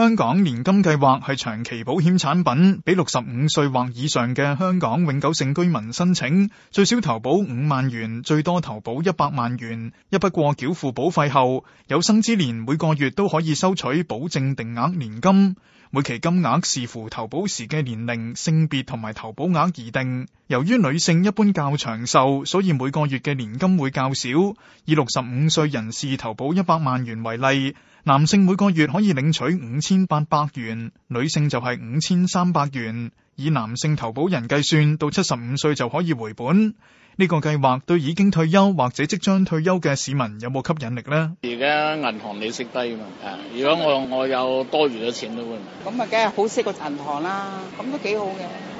香港年金計劃係長期保險產品，俾六十五歲或以上嘅香港永久性居民申請，最少投保五萬元，最多投保一百萬元。一筆過繳付保費後，有生之年每個月都可以收取保證定額年金。每期金額視乎投保時嘅年齡、性別同埋投保額而定。由於女性一般較長壽，所以每個月嘅年金會較少。以六十五歲人士投保一百萬元為例，男性每個月可以領取五千八百元，女性就係五千三百元。以男性投保人計算，到七十五歲就可以回本。呢、這個計劃對已經退休或者即將退休嘅市民有冇吸引力呢？而家銀行利息低嘛，如果我我有多餘嘅錢都會咁啊，梗係好識過銀行啦，咁都幾好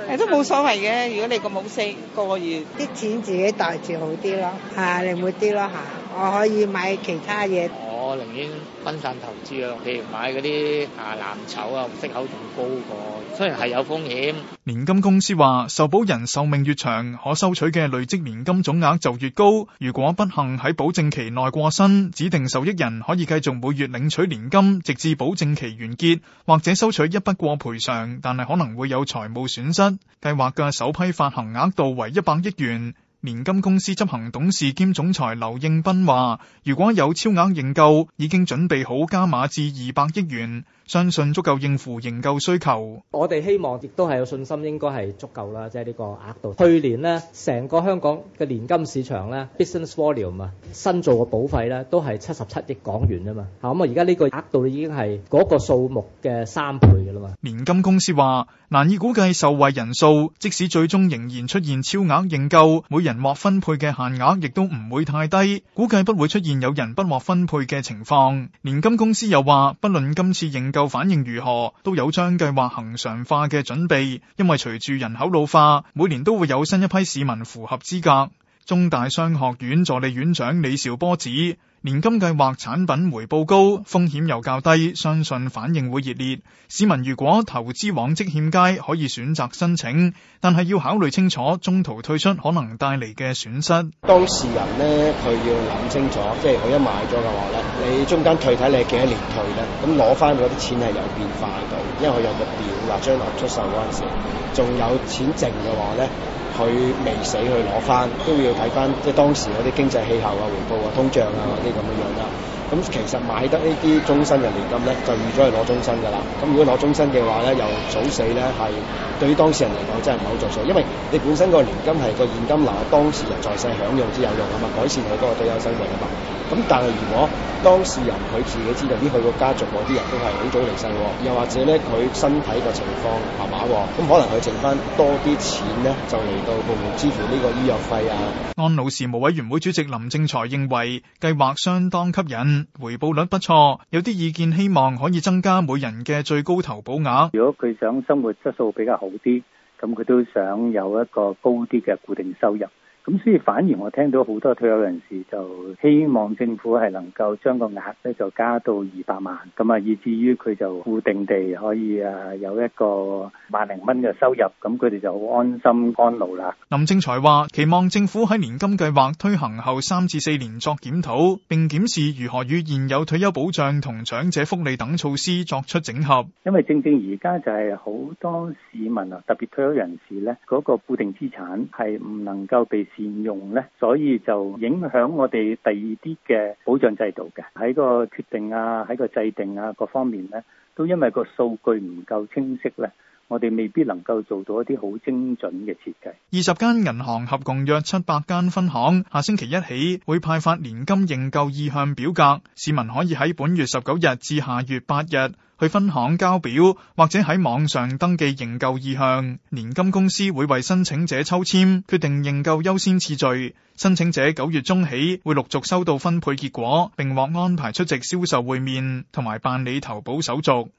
嘅。誒，都冇所謂嘅。如果你個冇息個個月啲錢自己袋住好啲咯，係靈活啲咯吓，我可以買其他嘢。我寧願分散投資啊，譬如買嗰啲啊藍籌啊，息口仲高過，雖然係有風險。年金公司話，受保人壽命越長，可收取嘅累積年金總額就越高。如果不幸喺保證期內過身，指定受益人可以繼續每月領取年金，直至保證期完結，或者收取一筆過賠償，但係可能會有財務損失。計劃嘅首批發行額度為一百億元。年金公司執行董事兼總裁劉應斌話，如果有超額認購，已經準備好加碼至二百億元，相信足夠應付認購需求。我哋希望亦都係有信心，應該係足夠啦，即係呢個額度。去年咧，成個香港嘅年金市場咧，business volume 啊，新做嘅保費咧，都係七十七億港元啊嘛。吓咁啊，而家呢個額度已經係嗰個數目嘅三倍噶啦嘛。年金公司話，難以估計受惠人數，即使最終仍然出現超額認購，每人。人獲分配嘅限額亦都唔會太低，估計不會出現有人不獲分配嘅情況。年金公司又話，不論今次認購反應如何，都有將計劃恆常化嘅準備，因為隨住人口老化，每年都會有新一批市民符合資格。中大商學院助理院長李兆波指，年金計劃產品回報高，風險又較低，相信反應會熱烈。市民如果投資往績欠佳，可以選擇申請，但係要考慮清楚，中途退出可能帶嚟嘅損失。當事人呢，佢要諗清楚，即係佢一買咗嘅話呢，你中間退，睇你係幾多年退呢？咁攞翻嗰啲錢係有變化喺度，因為佢有個表話將來出售嗰陣時，仲有錢剩嘅話呢，佢未死去攞翻，都要睇翻即係當時嗰啲經濟氣候啊、回報啊、通脹啊嗰啲咁樣樣啦，咁其實買得呢啲終身嘅年金咧，就預咗係攞終身噶啦。咁如果攞終身嘅話咧，又早死咧，係對於當事人嚟講，真係唔係好助益，因為你本身個年金係個現金，流，當事人在世享用之有用啊嘛，改善佢嗰個退休生活啊嘛。咁但係如果當事人佢自己知道啲，佢個家族嗰啲人都係好早離世，又或者咧佢身體個情況係嘛，咁可能佢剩翻多啲錢咧，就嚟到部門支付呢個醫藥費啊。安老事務委員會主席林正財認為計劃相當吸引，回報率不錯，有啲意見希望可以增加每人嘅最高投保額，如果佢想生活質素比較好啲，咁佢都想有一個高啲嘅固定收入。咁所以反而我聽到好多退休人士就希望政府係能夠將個額咧就加到二百萬，咁啊，以至於佢就固定地可以啊有一個萬零蚊嘅收入，咁佢哋就好安心安老啦。林正財話期望政府喺年金計劃推行後三至四年作檢討，並檢視如何與現有退休保障同長者福利等措施作出整合。因為正正而家就係好多市民啊，特別退休人士咧，嗰個固定資產係唔能夠被。沿容咧，所以就影響我哋第二啲嘅保障制度嘅喺個決定啊，喺個制定啊各方面咧，都因為個數據唔夠清晰咧。我哋未必能夠做到一啲好精準嘅設計。二十間銀行合共約七百間分行，下星期一起會派發年金認購意向表格，市民可以喺本月十九日至下月八日去分行交表，或者喺網上登記認購意向。年金公司會為申請者抽籤，決定認購優先次序。申請者九月中起會陸續收到分配結果，並獲安排出席銷售會面，同埋辦理投保手續。